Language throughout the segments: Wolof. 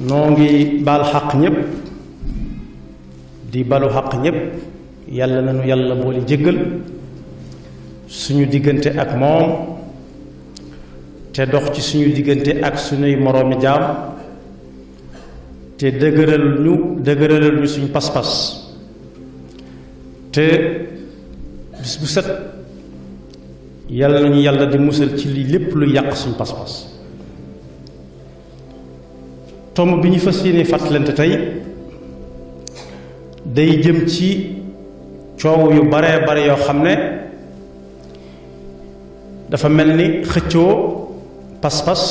noo ngi baal xaq ñépp di balu xaq ñépp yàlla nañu yàlla boole jéggal suñu diggante ak moom te dox ci suñu diggante ak suñuy moroomi jaam te dëgëral ñu dëgëralal ñu suñu pas-pas te bis bu set yàlla nañu yàlla di musal ci lii lépp luy yàq suñu pas-pas tomb bi ñu fas yéene fàttalante tey day jëm ci coow yu bare bare yoo xam ne dafa mel ni xëccoo pas-pas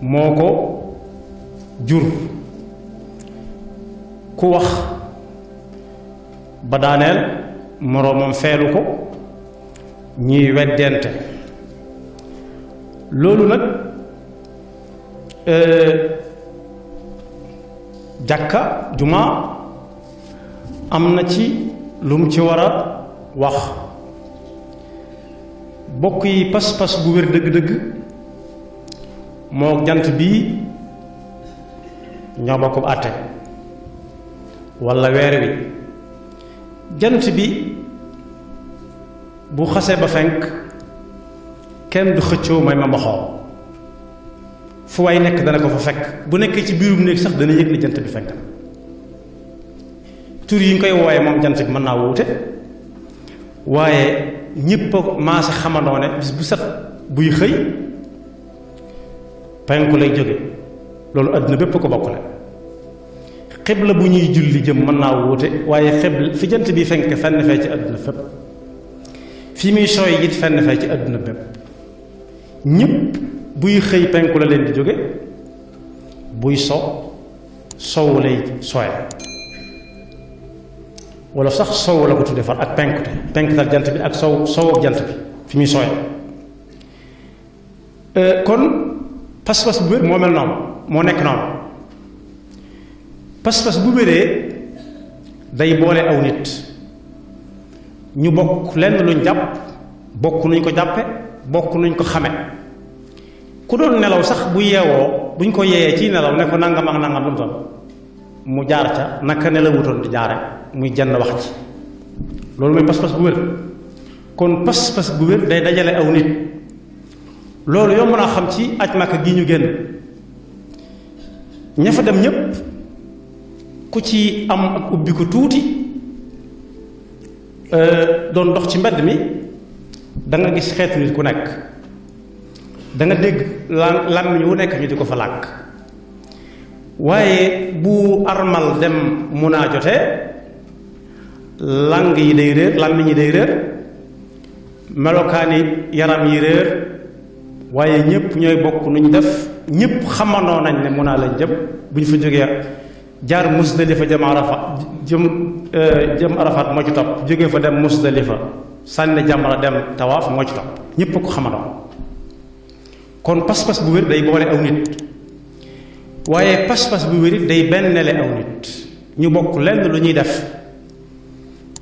moo ko jur ku wax ba daaneel moroomam feelu ko ñuy weddente loolu nag Euh, jàkka juma am na ci lu mu ci war a wax bokk yi pas-pas bu wér dëgg-dëgg moo jant bii ñoo ko bu àtte walla weer wi jant bi bu xase ba fenk kenn du xëccoo may ma mboxoo fu waay nekk dana ko fa fek bu nek ci birum nek sax dana yëg ne jant bi fenk tour yi ñu koy wooye mom jant bi mën naa wuute waaye ñëpp ma sa xamandoo bis bu sax buy xëy penku lay jóge lolu aduna bépp ko bokk la xibla bu ñuy julli jëm man na wouté waye xebl fi jant bi fenk fenn fe ci aduna fépp fi mi soy yit fenn fe ci aduna bépp ñëpp buy xëy penku la leen di jóge buy so sow lay soye wala sax sow la ko tudde far ak penku te penkute penkutal jant bi ak sow sow ak jant bi fi muy soye kon pas-pas bu wér moo mel noonu moo nekk noonu pas-pas bu wéree day boole aw nit ñu bokk lenn luñ jàpp bokk nuñ ko jàppe bokk nuñ ko xame ku doon nelaw sax bu yeewoo buñ ko yeeyee ci nelaw ne ko nangam ak nangam lu mu doon mu jaar ca naka ne la di jaare muy jenn wax ci loolu mooy pas-pas bu wér kon pas-pas bu wér day dajale aw nit loolu yomb naa xam ci aj màkk gi ñu génn ña fa dem ñépp ku ci am ak ubbi ko tuuti euh, doon dox ci mbedd mi da nga gis xeetu nit ku nekk da nga dégg làmmiñ wu nekk ñu di ko fa làkk waaye bu armal dem mun a jote lang yi day réer làmmiñ yi day réer melokaani yaram yi réer waaye ñëpp ñooy bokk nu ñu def ñëpp xamanoo nañ ne mun a lañ jëm bu ñu fa jógee jaar musdalifa jëm arafa jëm euh, jëm arafat moo ci topp jóge fa dem musdalifa sànni jamra dem tawaaf moo ci topp ñëpp ko xamanoo kon pas-pas bu wér day boole aw nit waaye pas-pas bu wér day bennale aw nit ñu bokk lenn lu ñuy def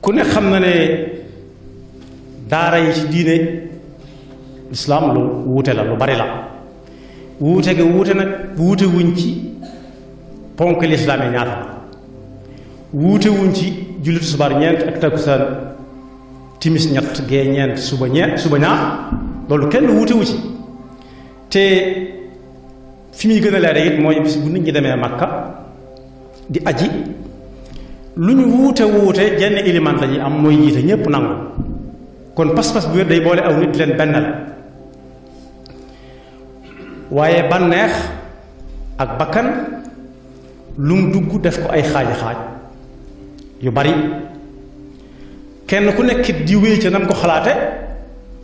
ku ne xam na ne daara yi ci diine lislaam lu wuute la lu bari la wuute ga wuute nag wuute wuñ ci ponk lislaam yi ñaata la wuute wuñ ci julli tisbaar ñeent ak takkusaan timis ñett gee ñeent suba ñeent suba ñaar loolu kenn wuute ci te fi muy gën a leere it mooy bis bu nit ñi demee Makka di aji lu ñu wuute wuute jenn iliman la ñuy am mooy jiite ñépp nangu kon pas-pas bu wér day boole aw nit leen benn la waaye bànneex ak bakkan lu mu dugg def ko ay xaaji xaaj yu bari kenn ku nekkit di wéy ca nam ko xalaate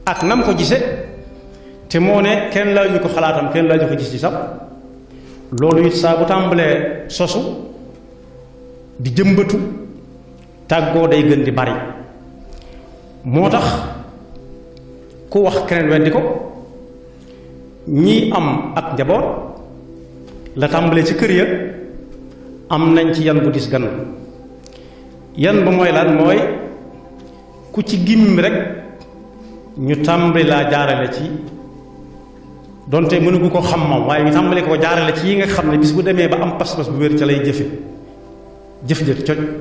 ak nam ko gise te kenn ne kenn ko xalaatam kenn laaju ko gis ci sax loolu it saa bu tàmbalee sosu di jëmbëtu tàggoo day gën di bari moo tax ku wax keneen weddi ko ñii am ak njaboot la tàmbalee ci kër ya am nañ ci yan bu dis gan yan bu mooy lan mooy ku ci gimmi rek ñu tàmbali laa jaarale ci donte mënugu ko xam moom waaye ngi tàmbali ko jaarale ci yi nga xam ne bis bu demee ba am pas-pas bu wér ca lay jëfe jëf jë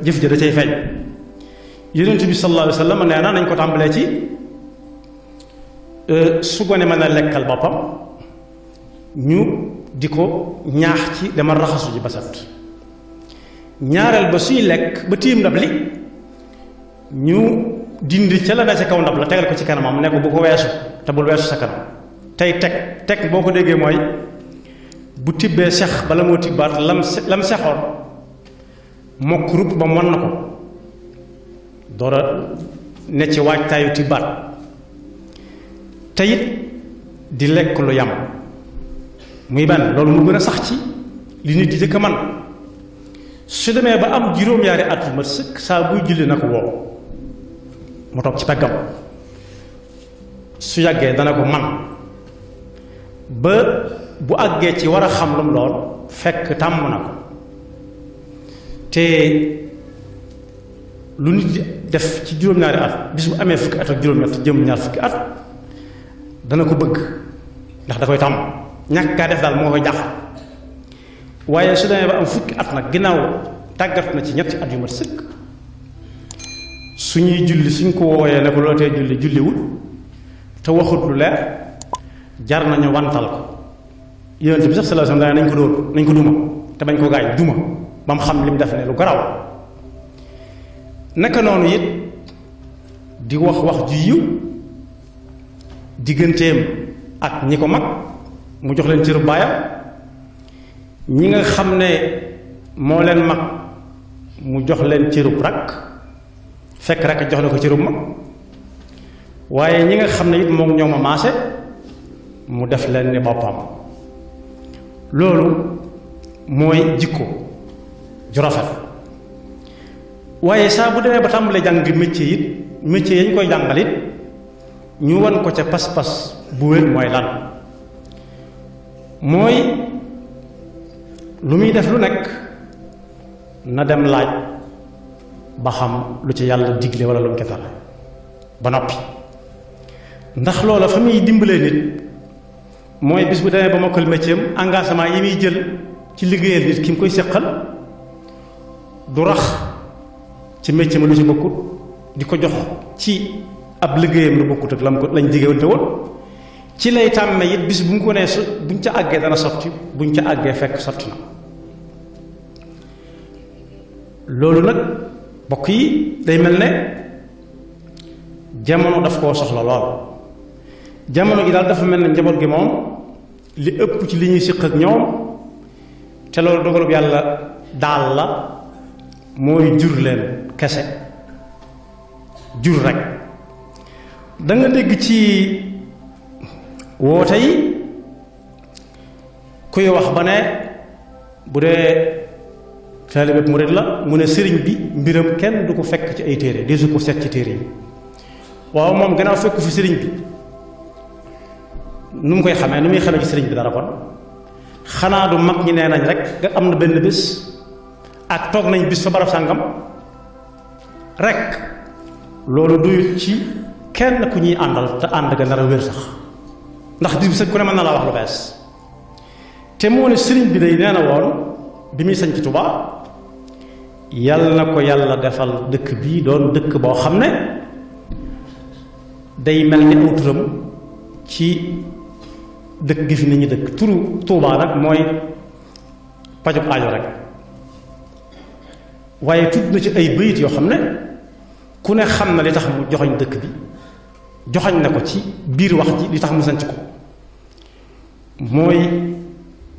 jëf jë da cay feeñ yonent bi sallallahu alayhi wa sallam nee nañ ko tàmbalee ci euh, su gone mën a lekkal boppam ñu di ko ñaax ci dama raxasu ji basat ñaareel ba suy lekk ba ndab li ñu dindi ca la ne kaw ndab la tegal ci kanamam ne ko bu ko te bul weesu sa kanam tay tek tek boko dege moy bu tibbe sex bala mo tibbaat lam lam sexoon mokk Dora, ba mon nako dora ne ci waj tayu te tayit di lek lu yam muy ban lolou mu gëna sax ci li nit di man su demé ba am juróom-yaari atu ma sëkk saa julli nako wo mu ci pagam su yagge dana man ba bu àggee ci war a xam lu mu doon fekk tàmm na ko te lu nit def ci juróom-ñaari at bis bu amee fukki at ak juróom-ñett fukki at dana ko bëgg ndax da koy tàmm ñàkk kaa def daal moo koy jaaxal waaye su demee ba am fukki at nag ginnaaw tàggat na ci ñetti at yu mat sëkk su ñuy julli suñ ko wooyee ne ko loo tee julli julliwul te waxut lu leer jar nañu wantal ko yoonte bi sax sallallahu alayhi wasallam nañ ko dóor nañ ko duma te bañ ko gaay duma bam xam lim def ne lu graw naka nonu yit di wax wax ju yiw digganteem ak ñi ko mag mu jox leen ñi nga xam ne moo leen mag mu jox leen rak fekk rak jox na ko mag waaye ñi nga xam ne it maase mu def len ni bopam lolu moy jikko ju rafet waye sa bu demee ba tàmbalee jang métier it métier yagn koy jangalit ñu won ko ci pas pass bu wër moy lan moy lu muy def lu nek na dem laaj ba xam lu ci yalla digle wala lu ko ba nopi ndax nit mooy bis bu demee ba mokkal métier am engagement yi muy jël ci liggéeyal nit ki mu koy seqal du rax ci métier ma lu ci bokkut di ko jox ci ab liggéeyam lu bokkut ak lam ko lañ digéewante woon ci lay tàmme it bis bu mu ko nee su buñ ca àggee dana sotti buñ ca àggee fekk sotti na loolu nag bokk yi day mel ne jamono daf koo soxla lool jamono gi daal dafa mel ne njaboot gi moom li ëpp ci li ñuy siq ak ñoom te loolu dogalub yàlla daal la mooy jur leen kese jur rek da nga dégg ci woote yi kuy wax ba ne bu dee taalibeeb murid la mu ne sëriñ bi mbiram kenn du ko fekk ci ay téere desu ko seet ci téere yi waaw moom gannaaw fekku fi sëriñ bi nu mu koy xamee nu muy xamee ci sëriñ bi dara kon xanaa du mag ñi nee nañ rek nga am na benn bés ak toog nañ bis fa barab sàngam rek loolu duyut ci kenn ku ñuy àndal te ànd ga nar a wér sax ndax bis bi sëñ ku ne mën na laa wax lu bees te moo ne sëriñ bi day nee na woon bi muy sañ ci Tuubaa yàlla na ko yàlla defal dëkk bii doon dëkk boo xam ne day mel ni aw ci dëkk gi fi nit ñi dëkk turu tuubaa nag mooy pajub aajo rek waaye tudd na ci ay bayit yoo xam ne ku ne xam na li tax mu joxoñ dëkk bi joxoñ na ko ci biir wax ji li tax mu sanc ko mooy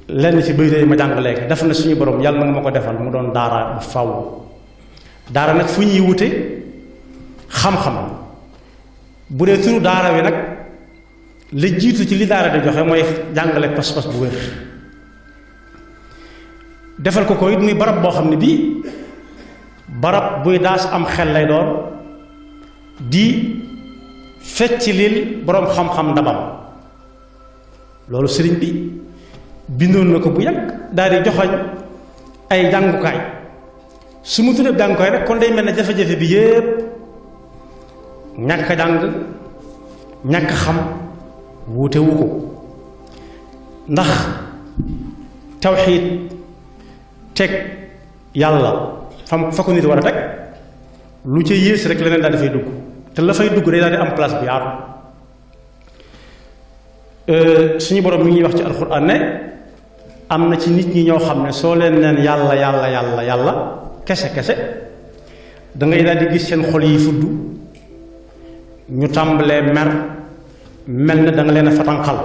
lenn ci bayit yi ma jàng léegi def na suñu borom yàlla na nga ma ko defal mu doon daara bu faw daara nag fu ñuy wute xam-xam bu dee turu daara wi nag la jiitu ci li daara di joxe mooy jàngale pas-pas bu wér defal ko ko it muy barab boo xam ne bii barab buy daas am xel lay doon di fecc lil boroom xam-xam ndabam loolu sëriñ bi bindoon na ko bu yàgg daal di joxoñ ay jàngukaay su mu tuddee jàngukaay rek kon day mel ne jafe-jafe bi yépp ñàkk jàng ñàkk xam wuute ko ndax tawxiid teg yàlla fam fa ko nit war a teg lu ci yées rek leneen daal dafay dugg te la fay dugg day daal di am place bu yaatu euh, suñu borom bi ngi wax ci alxuraan ne am na ci nit ñi ñoo xam ne soo leen neen yàlla yàlla yàlla yàlla kese kese da daal di gis seen xol yi fudd ñu tàmbalee mer. melna da nga leena fatankhal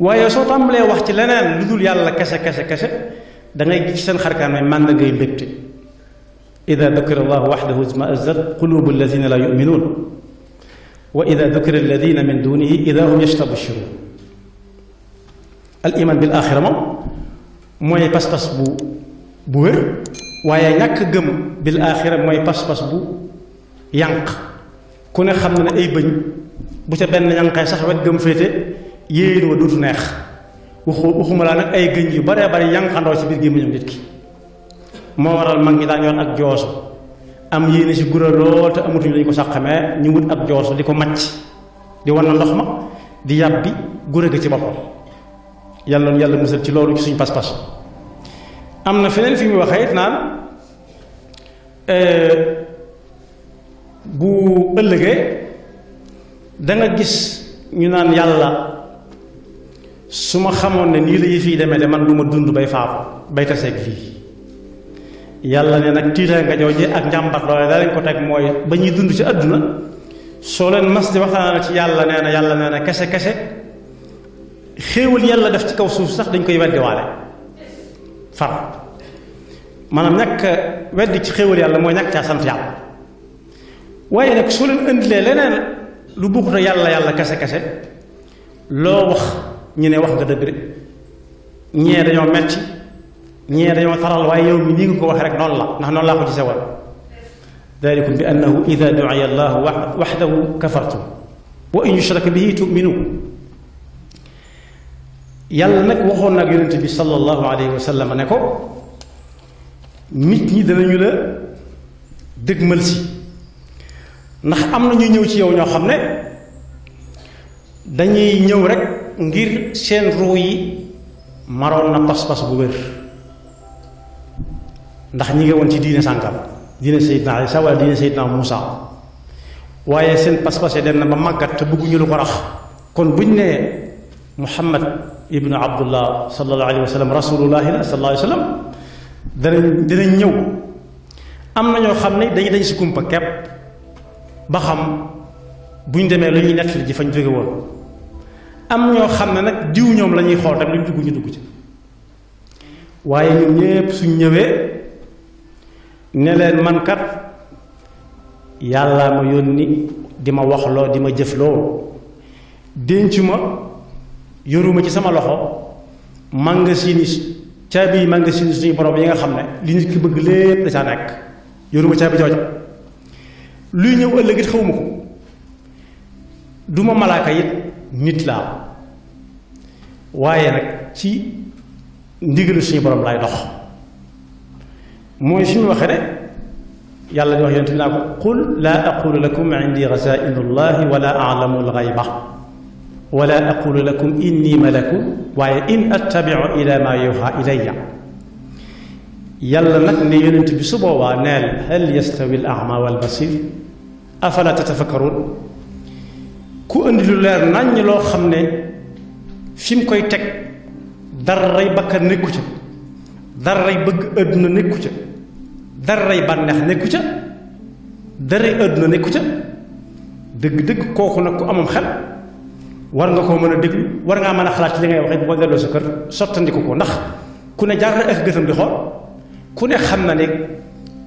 waye so tambale wax ci leneen ludul yalla kessa kessa kessa da ngay gis sen xarkane man اذا ذكر الله وحده ازمئزت قلوب الذين لا يؤمنون واذا ذكر الذين من دونه اذا هم يستبشرون الايمان بالاخره مو موي باس باس بو بو وير وايا نياك گم بالاخره موي باس باس بو يانق كون خامنا اي بن bu ca benn ñanqay sax wet gëm féete yéen wa duutu neex waxu waxuma laa nag ay gëñ yu bare bari yanqandoo ci biir gémmiñam nit ki moo waral mag ñi daan yoon ak joosu am yéene si gura lool te amatuñu lañu ko sàqamee ñu wut ak joosu di ko màcc di wan na ndox ma di yàbbi gura gi ci boppam yàlla yàlla musal ci loolu ci suñu pas-pas am na feneen fi muy waxee naan eh, bu ëllëgee da nga gis ñu naan yàlla su ma xamoon ne nii la yëf yi demee de man du ma dund bay faafu bay taseeg fii yàlla ne nag tiitaa nga jooje ak njàmbat loole daa leen ko teg mooy ba ñuy dund ci àdduna soo leen mas di waxtaanal ci yàlla nee na yàlla nee na kese kese xéewal yàlla def ci kaw suuf sax dañ koy weddi waale far maanaam ñàkk weddi ci xéewal yàlla mooy ñàkk caa sant yàlla waaye nag soo leen indilee leneen lu bokkut a yàlla yàlla kese kese loo wax ñu ne wax nga dëgg de ñee dañoo metti ñee dañoo taral waaye yow mi ni nga ko wax rek noonu la ndax noonu laa ko gisee woon dalikum bi annahu ida duiya allahu waxdahu kafartum wa in yushrak bihi tuminu yàlla nag waxoon nag yonente bi sallallahu alayhi wa sallam ne ko nit ñi danañu la ndax am na ñuy ñëw ci yow ñoo xam ne dañuy ñëw rek ngir seen ruu yi maroon na pas-pas bu wér ndax ñi ngi woon ci diine sànkam diine Seydina Isa wala diine Seydina Muusa waaye seen pas-pas yi dem na ba màggat te bëgguñu lu ko rax kon buñ ne Muhammad ibnu Abdullah sallallahu alayhi wa sallam rasulullahi la sallallahu alayhi wa sallam danañ danañ ñëw am na ñoo xam ne dañu dañ si kumpa kepp ba xam buñ démé lañuy ñuy nettali ji fañ jogé woon am ñoo xam ne nag diw ñom lañuy xol xool rek luñ dugg ñu duggu ci waye ñun ñepp suñ ñëwé ne leen man kat yalla ma yoni di ma lo di ma lo dencuma yoruma ci sama loxo mangasini caabi yi mangasini suñu borom yi nga xamne li nit ki bëgg lepp da ca nek yoruma caabi jojo luy ñëw ëllëg it xawma ko du ma malaaka it nit laa waaye nag ci ndigalu suñu borom laay dox mooy suñu waxee ne yàlla di wax yonent bi naa ko qul laa aqulu lakum indi xazainu llahi wala alamu alxayba wala aqulu lakum inni malaku waaye in attabiu ila ma yuha ilayya يلا نحن ينتي بسبوا ونال هل يستوي الأعمى والبصير أفلا تتفكرون كو اندلو لير نان لو خمني فيم كوي تك داراي بك نيكو تي داراي بك ادنا نيكو تي داراي بانخ نيكو تي داراي ادنا نيكو تي دغ دغ كوكو نكو امم خل وارغا كو مانا دغلو وارغا مانا خلات لي غاي واخي بو غالو سكر نخ كو نجار اخ غتام دي ku ne xam na ni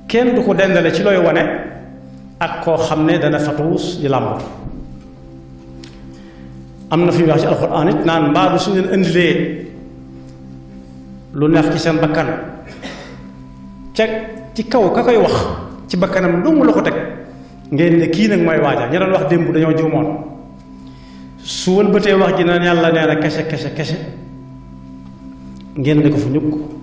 kenn du ko dendale ci looy wane ak koo xam ne dana fatuus di làmb am na fi wax ci alquran it nan mbaa du suñu leen indilee lu neex ci seen bakkan ca ci kaw ka koy wax ci bakkanam dong la ko teg ngeen ne kii nag mooy waaja ña wax démb dañoo su wax ji naan yàlla nee na kese kese kese ngeen ne ko fu ñukk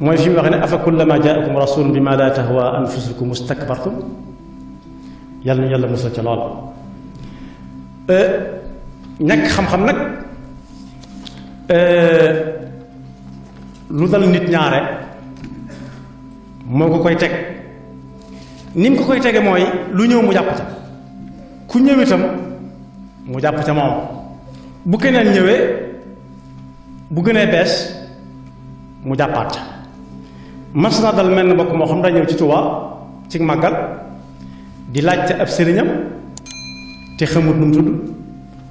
mooy fi mu wax ne afa kullama jaakum rasulun bi ma laa tahwa anfusukum mustakbartum yàlla na yàlla musal ca lool ñàkk xam-xam nag lu dal nit ñaare moo ko koy teg ni mu ko koy tege mooy lu ñëw mu jàpp ca ku ñëw itam mu jàpp ca moom bu keneen ñëwee bu gënee bees mu jàppaat ca masna dal mel bokk mo xam da ñew ci Tuubaa ci magal di laajte ab serignam te xamut num tudd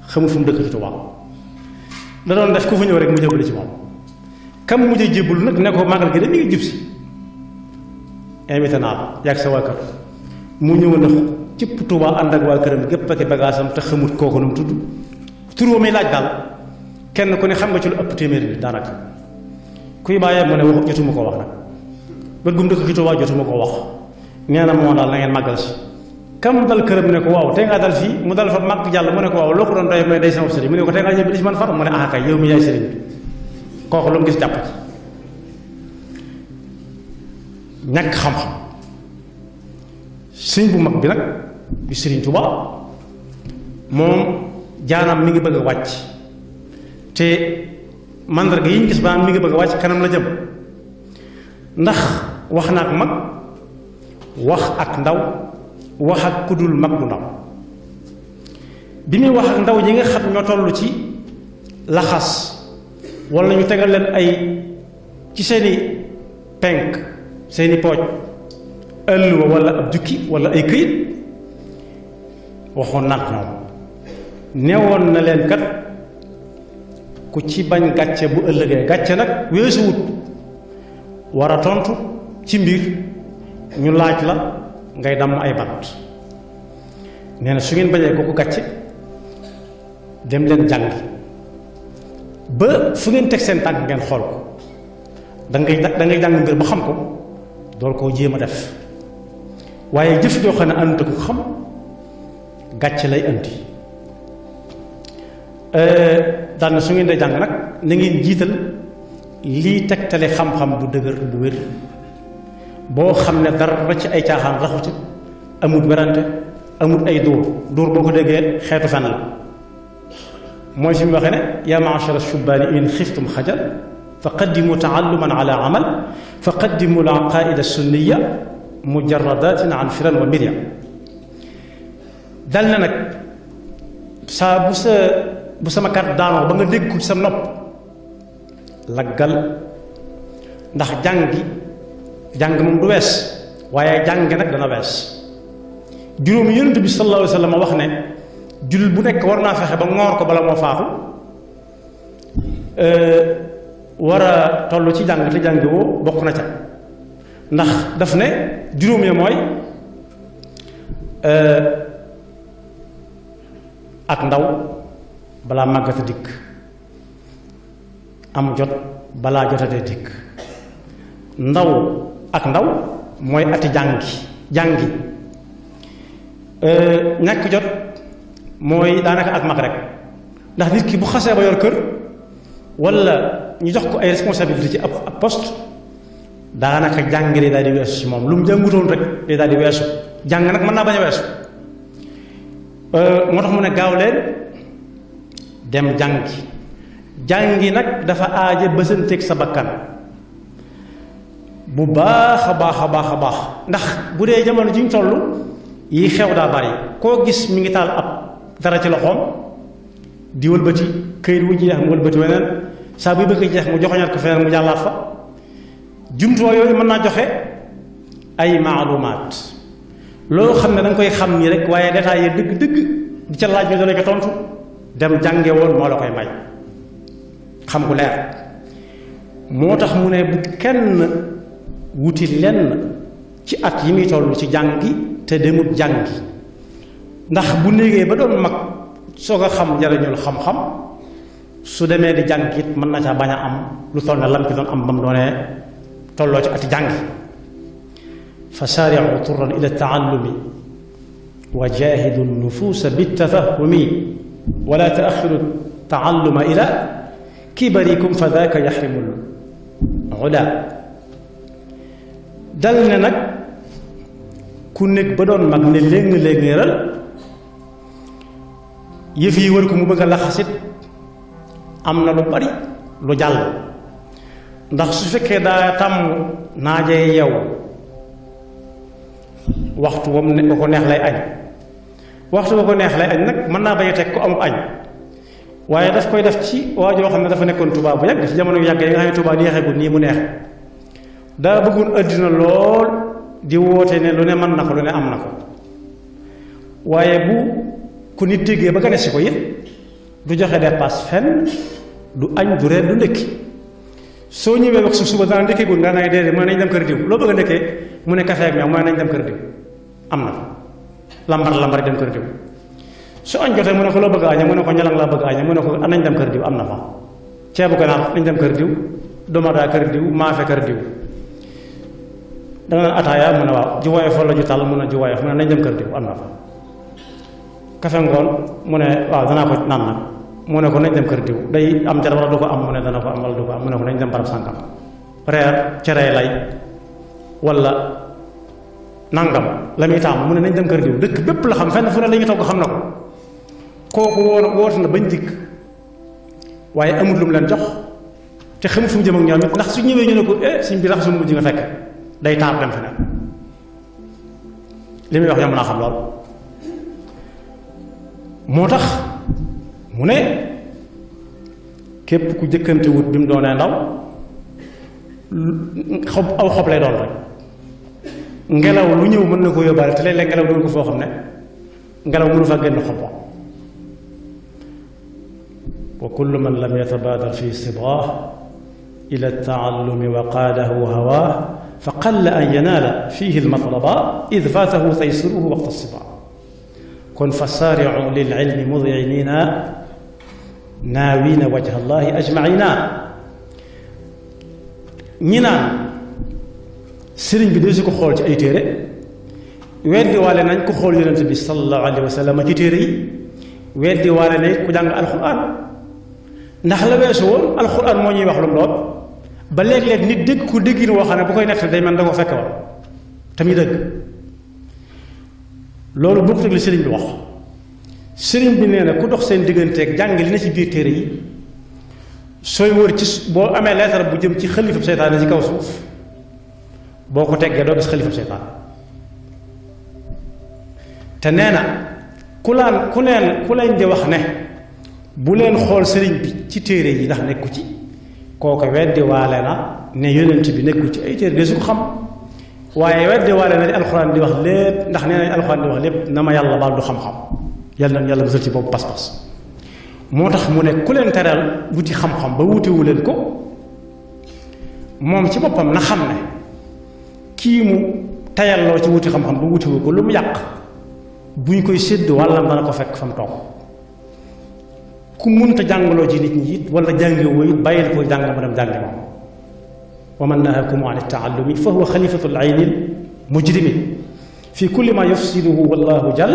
xamu fu dekk ci Tuubaa da doon def ku fa ñew rek mu jëbul ci mom kam mu jëj jëbul nak ne ko magal gi de mi ngi jub si invité naa ko sa waa mu ñew na ci Tuubaa and ak waa këram gépp ak bagaasam te xamut koku num tudd turu mi muy laaj daal kenn ku ne xam nga ci lu ëpp téeméer bi daanaka kuy bàyyee mu ne wax jotuma ko wax nag bët gum dëkk ki Tuubaa jotuma ko wax neena mo dal daal na ngeen magal ci kam dal kërëm ne ko waaw te nga dal fii mu dal fa mag jall mu ne ko waaw loo ko doon doy may day sama sëriñ mu ne ko te nga ñëw bi man far mu ne ah kay yow mi yaay sëriñ bi kooku lu mu gis japp ci ñàkk xam-xam sëriñ bu mag bi nak bi sëriñ tuba mom jaanam mi ngi bëgg wacc te mandarga yiñu gis ba mi ngi bëgg wacc kanam la nah, jëm ndax wax na ak mag wax ak ndaw wax ak kudul mag bu ndaw bi muy wax ak ndaw ñi nga xam ñoo toll ci laxas wala ñu tegal leen ay ci seeni penk seeni pooj ëlluwa wala ab jukki wala ay këyit waxoon nag ñoom neewoon na leen kat ku ci bañ gàcce bu ëllëgee gàcce nag weesuwut war tontu ci mbir ñu laaj la ngay dam ay bant neena na su ngeen bañee kooku gàcce dem leen jang ba fu ngeen tek seen tànk ngeen xol ko da ngay da ngay jang mbir ba xam ko dool ko jema def waye jëf jo xana ant ko xam lay andi na su ngeen dee jang nak na ngeen jital li tektale xam-xam bu deugar bu boo xam ne dara ci ay tiaxan raxu ci amut werante amut ay dóor dóor boo ko xetu fan la moy fi waxe ne ya ma'ashara shubbaani in khiftum khajal fa qaddimu taalluman ala amal fa qaddimu al aqaida sunniya mujaradatin an firan wa mirya dalna nak sa bu sa bu sama kat daano ba nga dégg sa nop laggal ndax jàng jàng moom du wess waye jàng nak dana wess juróom yonent bi sallallahu alayhi wasallam wax ne jullit bu nek warna fexé ba ngor ko bala mo faaxu euh wara tollu ci jang te jàng wo bokku na ca ndax daf ne ye moy euh ak ndaw bala magata dik am jot bala jotate dik ndaw ak ndaw mooy ati jàngi jàngi euh, ñàkk jot mooy daanaka ak mag rek ndax nit ki bu xasee ba yor kër walla ñu jox ko ay responsabilité ci ab poste daanaka jàng day daal di weesu si moom lu mu jàngutoon rek day daal di weesu jàng nag mën naa bañ a weesu euh, moo tax mu ne gaaw leen dem jàngi jàngi nag dafa aaje bësanteeg sa bakkan bu baax a baax a baax ndax bu dee jamono ji ñu toll yi xew daa bari koo gis mi ngi taal ab dara ci loxoom di wëlbati këyit wu jeex mu wëlbati weneen saa buy bëgg jeex mu joxoñaat ko feneen mu jàllaat fa jumtuwaay yooyu mën naa joxe ay maalumaat loo xam ne da nga koy xam ni rek waaye detaay yi dëgg-dëgg di ca laaj ñu dana ko tontu dem jànge woon moo la koy may xam ku leer moo tax mu ne bu kenn wuti len ci at yi mi tollu ci jangi te demut jangi ndax bu nege ba doon mag soo ko xam jarañul xam-xam su demee di jangi it mën na ca baña am lu toll na lam ci doon am bam doonee tollo ci at jangi fasari'u turran ila taallumi wa jahidu nufuusa bitafahumi wala taaxiru taalluma ila kibarikum fa daaka yaxrimu lula dal ne nag ku nekk ba doon mag ne léegi léegi ral yëf yi wër ko mu bëgg a laxasit am na lu bari lu jàll ndax su fekkee daa tàmm naajee yow waxtu wam ne ba ko neex lay añ waxtu ba ko neex lay añ nag mën naa bañ teg ko amub añ waaye daf koy def ci waa joo xam ne dafa nekkoon Tuubaa bu yàgg ci jamono yu yàgg yi nga xam ne Tuubaa neexeegul nii mu neex da bëggoon adina lool di wote ne lu ne man nako lu ne am nako ko bu ku nit tege ba gane ci ko yit du joxe dépasse fen du agn du reer du nekk so ñëwee wax su suba da ndike gun nga ngay dédé mën nañ dem kër diw lo bëgg a mu ne kafe ak ñoom mën nañ dem kër diw am na lambar lambar dem kër diw su agn joxe mu ne ko lo bëgg a mu ne ko ñalang la bëgg a mu ne ko nañ dem kër diw am na fa ceebu ganaar nañ dem kër diw da kër diw fa kër diw da nga ataya mu ne waaw ju woyof la ju tàll mu ne ju woyof mu ne nañ dem kër diw am na fa kafe ngoon mu ne waaw danaa ko naan nag mu ne ko nañ dem kër diw day am jar wala du ko am mu ne dana ko am wala du ko am mu ne ko nañ dem barab sàngam reer cere lay wala nangam la muy taam mu ne nañ dem kër diw dëkk bépp la xam fenn fu ne la ñu togg xam na ko kooku woo woote na bañ dikk waaye amul lu mu leen jox te xamul fu mu jëm ak ñoom it ndax su ñëwee ñu ne ko eh suñ bi rax su mujj nga fekk day taar dem feneen limi wax yomb naa xam lol motax mune kep ku jëkkante wut bi doone ndaw xop aw xop lay doon rek ngelaw lu ñëw mën na ko yóbbaale te lay leeg ngelaw doon ko fo xamne ngelaw mënu fa génn xop wa kullu man lam yatabadar fi sibah ila taallumi wa qaadahu hawaah فقل أن ينال فيه المطلب إذ فاته تيسره وقت الصبا كن فسارعوا للعلم مضعنين ناوين وجه الله أجمعين نينا سرين بدوزكو خورج أي تيري وير دي والي نانكو خورج النبي صلى الله عليه وسلم أي تيري وير دي والي نانكو جانغ القرآن نحلبه القرآن موني وخلوم لوب ba léeg-léeg nit dégg ko déggin woo xam ne bu koy nettali day mel da ko fekk woon tamit loolu bokkut ak li sëriñ bi wax sëriñ bi nee na ku dox seen digganteek jàng li na ci biir téere yi sooy wër ci boo amee leetar bu jëm ci xalifab seytaane ci kaw suuf boo ko teggee doo gis xalifab seytaane te nee na ku laan ku neen ku leen di wax ne bu leen xool sëriñ bi ci téere yi ndax nekku ci kooka weddi waale na ne yonent bi nekku ci ay téere de su ko xam waaye weddi waale na li alxuraan di wax lépp ndax nee nañ alxuraan di wax lépp na ma yàlla baal du xam-xam yàlla na yàlla musal ci bopp pas-pas moo tax mu ne ku leen teral wuti xam-xam ba wutiwu leen ko moom ci boppam na xam ne kii mu tayalloo ci wuti xam-xam ba wutiwu ko lu mu yàq buñ koy sédd wàllam dana ko fekk fa mu ku munta jàngaloo ci nit ñi it wala jàngewoo it bàyyil ko jàng ma dem jàngi moom wa man nahakum an taallumi fa huwa xalifatu layni mujrimi fi kulli ma yufsiduhu wallahu jal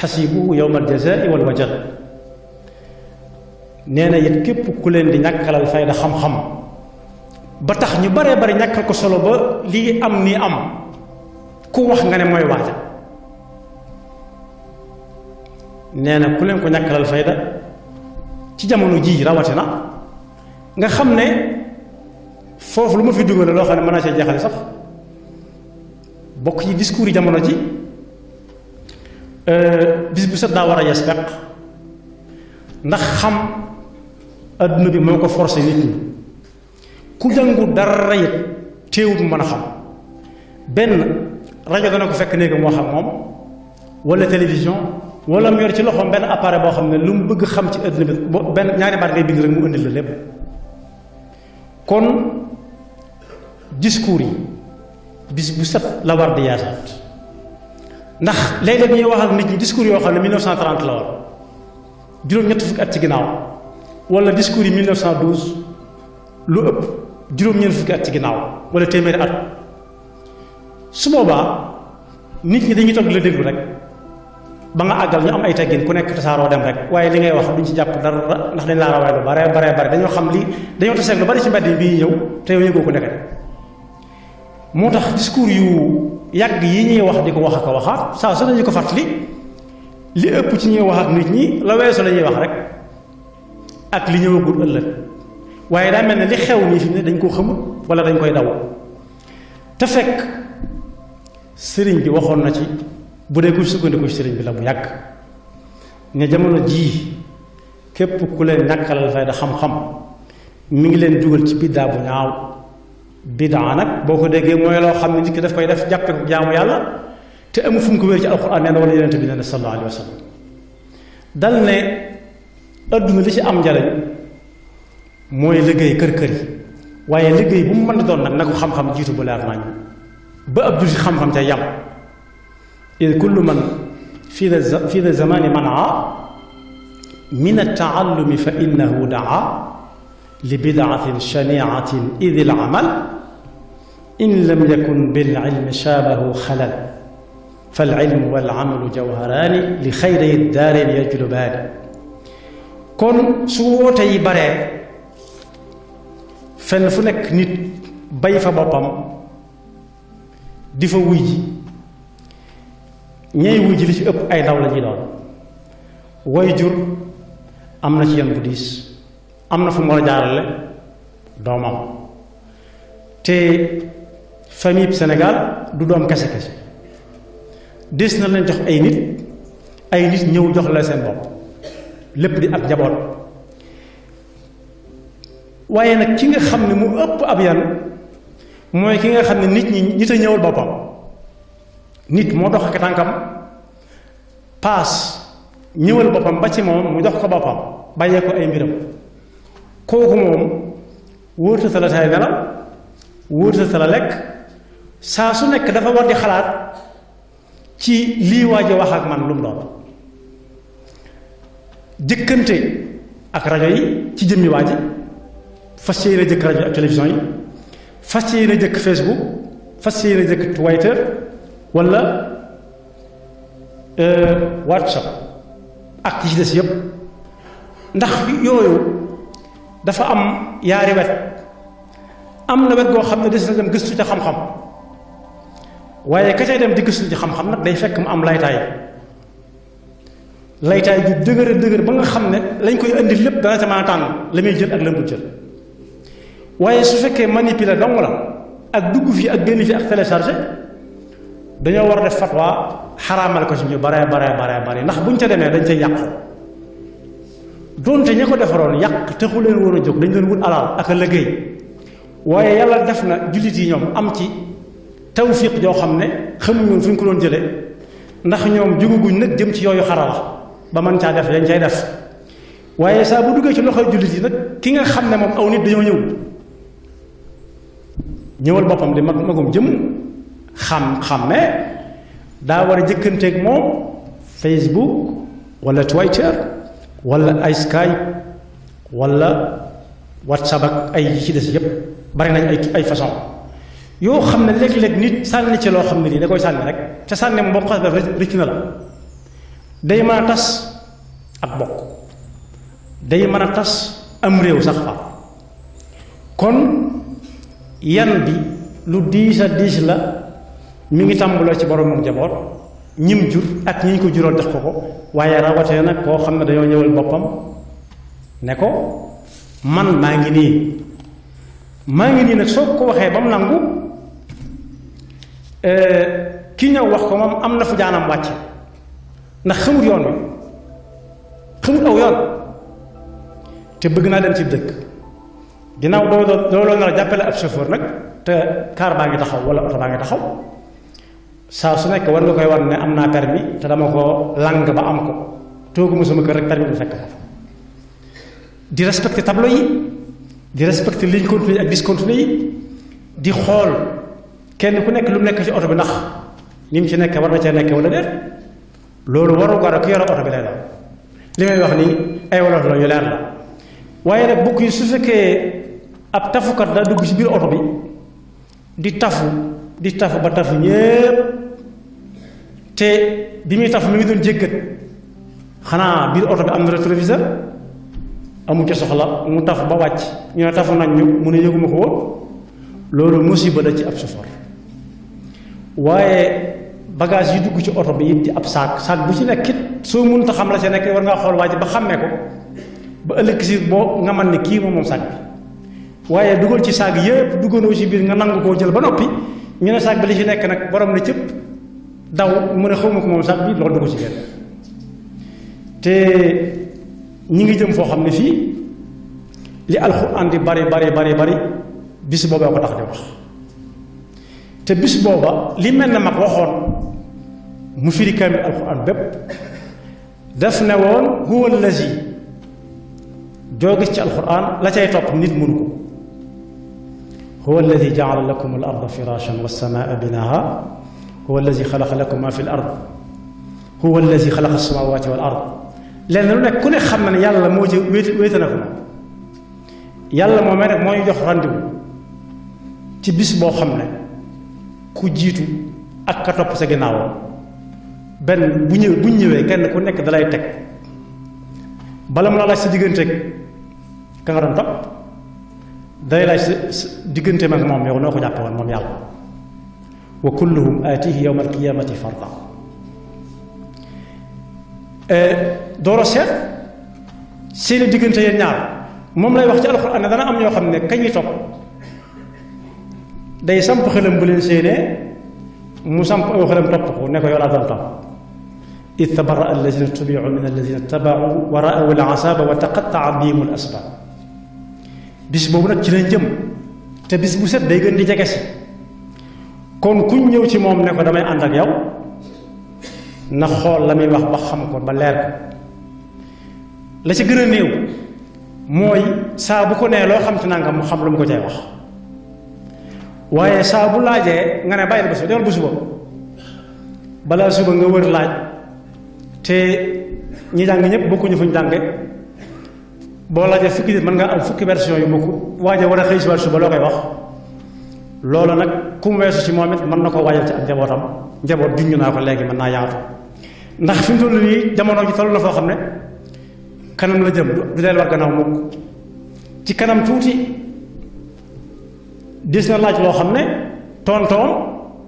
xasibuhu yowma aljazai walwajal nee na it képp ku leen di ñàkkalal fayda xam-xam ba tax ñu baree bari ñàkkal ko solo ba lii am nii am ku wax nga ne mooy waaja nee na ku leen ko ñàkkalal fayda ci jamono ji rawate na nga xamne fofu lu ma fi dugale lo xamne ne mën naa sax bokk ci discours jamono ji euh bis bu sa da wara a yees ndax xam aduna bi moko forcer nit ñi ku jàngu dara yit teewu mu mana xam ben radio dana ko fekk néegam moo xam mom wala télévision wala mu yor ci loxoom benn appareil boo xam ne lu mu bëgg xam ci àddina bi benn ñaari baat ngay bind rek mu indil la lépp kon discours yi bis bu set la war di yaasaat ndax léeg-léeg ñuy waxal nit ñi discours yoo xam ne 1930 la woon juróom-ñett fukki at ci ginnaaw wala discours yi 1912 lu ëpp juróom-ñeent fukki at ci ginnaaw wala téeméeri at su boobaa nit ñi dañuy toog la déglu rek. ba nga àggal ñu am ay teggin ku nekk tasaaroo dem rek waaye li ngay wax duñ ci jàpp dara ndax dañ laa rawaay lu bare bare bare dañoo xam li dañoo taseeg lu bari ci mbedd bii ñëw te yow yëgoo ko nekk moo tax discours yu yàgg yi ñuy wax di ko wax ak a saa su nañu ko fàttali li ëpp ci ñuy wax ak nit ñi la weesu la ñuy wax rek ak li ñëwagul ëllëg waaye daa mel ne li xew nii fi ne dañ koo xamut wala dañ koy daw te fekk sëriñ bi waxoon na ci bu dee ku sukkandiku sëriñ bi la bu yàgg ne jamono jii képp ku leen ñàkkalal fayda xam-xam mi ngi leen jugal ci biddaa bu ñaaw biddaa nag boo ko déggee mooy loo xam ne nit ki daf koy def jàppe ko jaamu yàlla te amu fu mu ko wér ci alquran nee na wala yonente bi nee na sallallahu alayhi wa dal ne adduna li ci am njariñ mooy liggéey kër-kër yi waaye liggéey bu mu mën a doon nag na ko xam-xam jiitu bu leer nañ ba ab du si xam-xam ca yam إذ كل من في ذا في ذا الزمان منع من التعلم فإنه دعا لبدعة شنيعة إذ العمل إن لم يكن بالعلم شابه خلل فالعلم والعمل جوهران لخير الدار يجلبان كون سووتي بري فنفنك نت نيت بابام فا ديفا ويجي ñey wuy ji li ci ëpp ay ndaw la doon woy jur am na ci yan bu diis am na fu moo war a jaarale doomam te famille Sénégal du doom kese kese des na leen jox ay nit ay nit ñëw jox la seen bopp lépp di ak njaboot waaye nag ki nga xam ne mu ëpp ab yan mooy ki nga xam ne nit ñi nit a ñëwul boppam nit mo dox ak tànkam pass ñëwal bopam ba ci mom mu dox ko bopam baye ko ay mbiram koku mom wurtu sala tay la wurtu sala lek sa su nek dafa war di xalat ci li waji wax ak man lum do doon ak radio yi ci jëmmi waji ji fas radio ak télévision yi fas yéene Facebook fas yéene Twitter wala whatsapp ak ci des yëpp ndax yooyu dafa am yaari wet am na wet goo xam ne des na dem gëstu ca xam-xam waaye ka cay dem di gëstu ci xam-xam nag day fekk mu am laytaay laytaay ju dëgër dëgër ba nga xam ne lañ koy indi lépp dana ca mën a tànn la muy jël ak la mu jël waaye su fekkee manipuler dong la ak dugg fii ak génn fii ak télécharger dañoo war a def fatwa xaraamal ko ci ñu bare bare bare bare ndax bu ñu ca demee dañ ca yàqu donte ñu ko defaroon yàq taxu leen war a jóg dañ doon wut alal ak a liggéey waaye yàlla def na jullit yi ñoom am ci tawfiq joo xam ne xamuñu fu ñu ko doon jële ndax ñoom juguguñ nag jëm ci yooyu xarala ba man caa def dañ cay def waaye saa bu duggee ci loxoy jullit yi nag ki nga xam ne moom aw nit dañoo ñëw ñëwal boppam di mag magum jëm xam xàmme daa war a jëkkanteeg moom facebook wala twitter wala ay skype wala whatsapp ak ay yi ci des yépp bari nañ ay ay façon yoo xam ne léeg-léeg nit sànni ci loo xam ne lii da koy sànni rek te sànni moom boo ko def rëcc na la day mën a tas ak bokk day mën a tas am réew sax fa kon yan bi lu diis a diis la mi ngi tàmbalee ci borom ak jaboot ñim jur ak ñi ko jural jox ko ko waaye rawatee nag koo xam ne dañoo ñëwal boppam ne ko man maa ngi nii maa ngi nii nag soo ko waxee ba mu nangu euh, ki ñëw wax ko moom am na fu jaanam wàcce ndax xamul yoon wi xamul aw yoon te bëgg naa dem ci dëkk ginnaaw doo doo loolu nar a jàppale ab chauffeur nag te kaar baa ngi taxaw wala oto baa ngi taxaw saa su nek war nga koy war ne amna naa permis te dama ko lang ba am ko togu musuma ko rek permis bu fekk di respecte tableau yi di respecté ligne continue ak discontinue yi di xol kenn ku nek lu nek ci auto bi nax nim ci nek war na ci nek wala def lolu waru ko ku yore oto bi lay limay wax ni ay wala la ñu leer la waye bu ko su ab tafukat da dugg ci bir auto bi di tafu di tafu ba tafu ñepp té bi mi taf mi ngi doon jéggat xana biir auto bi am na rétroviseur amu ci soxla mu taf ba wàcc ñu ne tafu nañ ñu mu ne yëguma ko woon loolu musiba la ci ab sofor waaye bagage yi dugg ci auto bi it ci ab saak saak bu ci nekk it soo mënut xam la ca nekk war ngaa xool waa ji ba xàmmee ko ba ëllëg si bo nga man ne kii moom moom saak bi waaye dugal ci saak yëpp dugganoo ci biir nga nangu koo jël ba noppi ñu ne saak bi li ci nekk nag borom ne cëpp daw mu ne xawma ko moom sax bi loolu du ko ci kenn te ñi ngi jëm foo xam ne fii li alxuraan di bari bari bari bari bis boobaa ko tax di wax te bis booba li mel na mag waxoon mu firi kaamil alxuraan bépp def ne woon huwa allazi doo gis ci alxuraan la cay topp nit mënu ko huwa allazi jaala lakum al arda firashan wa samaa binaaha هو الذي خلق لكم ما في الارض هو الذي خلق السماوات والارض لان هناك كل خمن يلا موجي ويتنغم يلا ما مانك ما يجي خرندو تي بيس بو خمن كو جيتو اك كاتوب سا غيناو بن بو نيو بو نيوي كين كو نيك دالاي تك بالام لا سي ديغنتك كان رام توب داي لا سي ديغنتي مام موم يو نوكو جابون موم يالا وكلهم آتيه يوم القيامة فرضا دور الشيخ سين الدقن تيان نار مملا لا يوقتي أنا دانا أم يوخم كي يتوب داي سام بخلم بلين سيني مو سام بخلم ربكو نكو يولا دلتا إذ تبرأ الذين تبعوا من الذين اتبعوا ورأوا العذاب وتقطع بهم الأسباب بسبب نتجلنجم تبس دايقن نتجاكسي دي kon kuñ ñëw ci moom ne ko damay ànd ak yow na xool la muy wax ba xam ko ba leer ko la ci gën a néew mooy saa ko nee loo xam ci nangam mu xam lu mu ko cay wax waaye saa bu laajee nga ne bàyyil ba suba dewal bu suba balaa suba nga wër laaj te ñi jàng ñëpp bokkuñu fuñ jàng boo laajee fukki nit mën nga am fukki version yu bokku waaje war a xëy si suba loo koy wax loolu nag ku mu weesu ci moom it mën na ko waajal ci ak njabootam njaboot junj naa ko léegi mën naa yaatu ndax fi mu nii jamono ji toll na foo xam ne kanam la jëm du la war gannaaw mukk ci kanam tuuti dis na laaj loo xam ne tontoom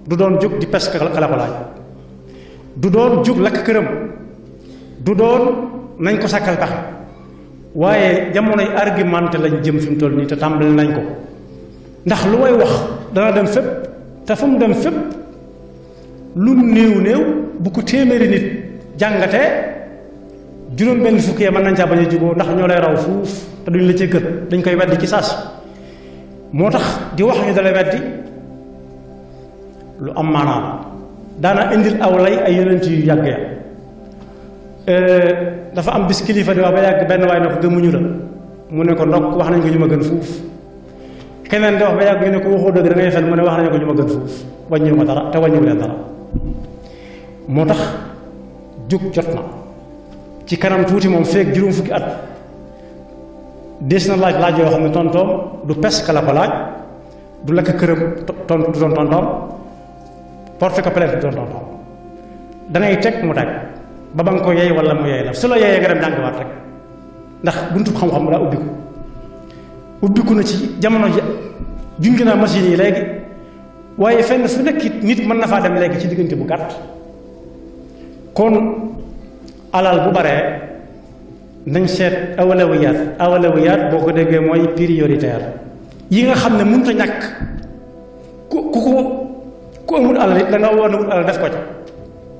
du doon jóg di pes kala ko laaj du doon jóg lakk këram du doon nañ ko sàkkal tax waaye jamonoy argumenté lañ jëm fi mu toll nii te tàmbali nañ ko ndax lu may wax dana dem fépp te fu mu dem fépp lu mu néew néew bu ko téeméeri nit jàngate juróom benn fukki ya mën nañ caa bañ a jubóo ndax ñoo lay raw fuuf te duñ la ci gën dañ koy weddi ci saas moo tax di wax ñu dala weddi lu am maanaam daana indil aw lay ay yonent yu yàgg ya euh, dafa am bis kilifa di wax ba yàgg benn waay na ko gëmuñu la mu ne ko ndokk wax nañ ko ñu ma gën fuuf kenen di wax ba yag ñu ko waxo dëgg da ngay fen mu ne wax nañu ko ñu ma gën foofu wàññi ma dara te wañu leen dara motax juk jotna ci kanam tuuti mom feeg juroom fukki at des na laaj laaj yo xam tonto du pes kala la ko laaj du lak kërëm ton du doon tontoom porte ko plainte du doon da ngay tek mu teg ba bang ko yey wala mu yey la su la yeeyee nga dem dang wat rek ndax buntu xam-xam la ubbi ko ubbiku na ci jamono ji junj naa machine yi legi waye fenn su nek nit man na fa dem legi ci diggante bu gatt kon alal bu bare nañ set awalawiyat awalawiyat boko dege moy prioritaire yi nga xamne mën ta ñak ku ku ko amul alal da nga war alal def ko ci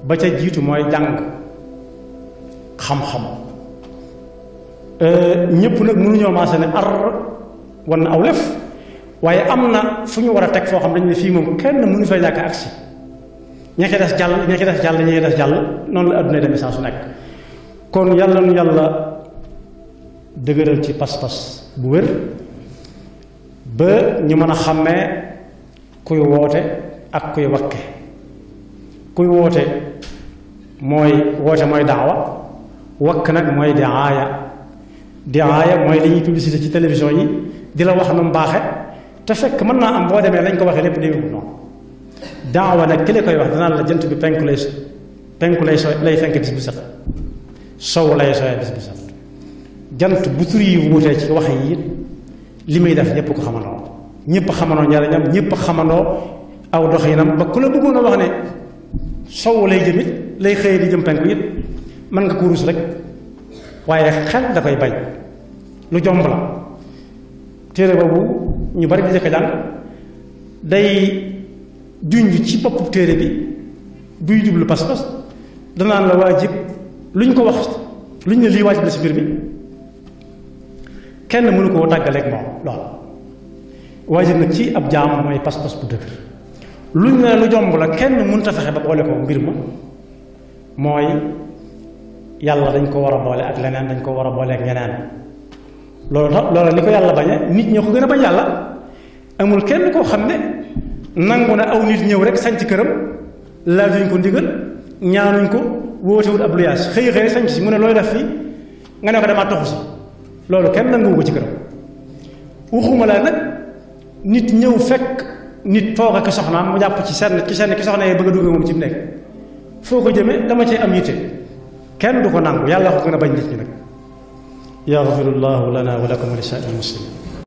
ba ca jitu moy jang xam-xam ñepp ñëpp nag mënuñoo maase ne ar wan na aw lëf waaye am na fu ñu war a teg foo xam dañu ne fii moom kenn mënu fay ñàkk agsi ña ci des jàll ña ci des jàll ña ci des jàll noonu la adduna demee saa su nekk kon yàlla nu yàlla dëgëral ci pas-pas bu wér ba ñu mën a xàmmee kuy woote ak kuy wakke kuy woote mooy woote mooy daawa wakk nag mooy diaaya diaaya mooy li ñuy publicité ci télévision yi di la wax na mu baaxe te fekk mën naa am boo demee lañ ko waxee lépp dégg nga noonu daawa nag ki la koy wax danaa la jant bi penku lay penku lay so lay fenk bis bu set sow lay sowee bis bu jant bu tur yi ci wax yi li muy def ñëpp ko xamandoo ñëpp xamandoo njariñam ñëpp xamandoo aw doxinam ba ku la bëggoon a wax ne sow lay jëm it lay xëyee di jëm penku it mën nga ko ruus rek waaye xel da koy bañ lu jomb la. téere boobu ñu bari di ko jàng day junj ci bopp téere bi buy jublu pas-pas danaan la waajib luñ ko wax luñ ne lii waajib la si mbir mi kenn mënu koo tàggaleeg moom lool waajib nag ci ab jaam mooy pas-pas bu dëgër luñ ne lu jomb la kenn mun a fexe ba boole ko mbir ma mooy yàlla dañ ko war a boole ak leneen dañ ko war a boole ak ñeneen loolu tax loola li ko yàlla bañe nit ñoo ko gën a bañ yàlla amul kenn koo xam ne nangu na aw nit ñëw rek sañ ci këram laajuñ ko ndigal ñaanuñ ko wóotewul ab luyaas xëy xëy sañ si mu ne looy def fii nga ne ko damaa toxu si loolu kenn nanguwu ko ci këram waxuma la nag nit ñëw fekk nit toog ak soxnaam mu jàpp ci senn ci senn ki soxna yi bëgg a dugg moom ci mu nekk foo ko jëmee dama cee am yitte kenn du ko nangu yàlla ko gën a bañ nit ñi nag يغفر الله لنا ولكم ولسائر المسلمين